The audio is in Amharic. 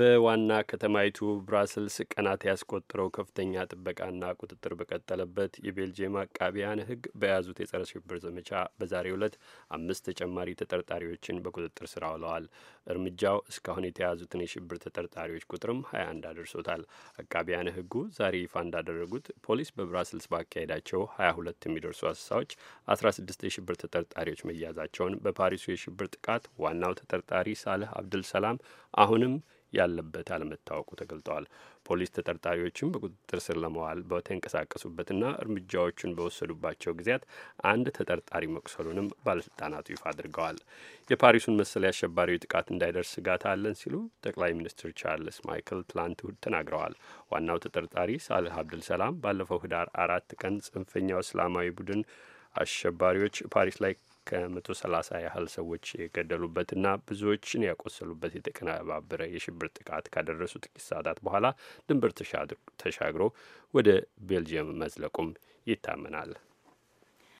በዋና ከተማይቱ ብራስልስ ቀናት ያስቆጠረው ከፍተኛ ጥበቃና ቁጥጥር በቀጠለበት የቤልጅየም አቃቢያን ሕግ በያዙት የጸረ ሽብር ዘመቻ በዛሬው ዕለት አምስት ተጨማሪ ተጠርጣሪዎችን በቁጥጥር ስር አውለዋል። እርምጃው እስካሁን የተያዙትን የሽብር ተጠርጣሪዎች ቁጥርም 21 አድርሶታል። አቃቢያን ሕጉ ዛሬ ይፋ እንዳደረጉት ፖሊስ በብራስልስ ባካሄዳቸው 22 የሚደርሱ አሰሳዎች 16 የሽብር ተጠርጣሪዎች መያዛቸውን፣ በፓሪሱ የሽብር ጥቃት ዋናው ተጠርጣሪ ሳልህ አብድል ሰላም አሁንም ያለበት አለመታወቁ ተገልጠዋል። ፖሊስ ተጠርጣሪዎችን በቁጥጥር ስር ለመዋል በተንቀሳቀሱበትና እርምጃዎቹን በወሰዱባቸው ጊዜያት አንድ ተጠርጣሪ መቁሰሉንም ባለስልጣናቱ ይፋ አድርገዋል። የፓሪሱን መሰል አሸባሪ ጥቃት እንዳይደርስ ስጋት አለን ሲሉ ጠቅላይ ሚኒስትር ቻርልስ ማይክል ትላንት እሁድ ተናግረዋል። ዋናው ተጠርጣሪ ሳልህ አብዱል ሰላም ባለፈው ህዳር አራት ቀን ጽንፈኛው እስላማዊ ቡድን አሸባሪዎች ፓሪስ ላይ ከ130 ያህል ሰዎች የገደሉበትና ብዙዎችን ያቆሰሉበት የተቀነባበረ የሽብር ጥቃት ካደረሱ ጥቂት ሰዓታት በኋላ ድንበር ተሻግሮ ወደ ቤልጅየም መዝለቁም ይታመናል።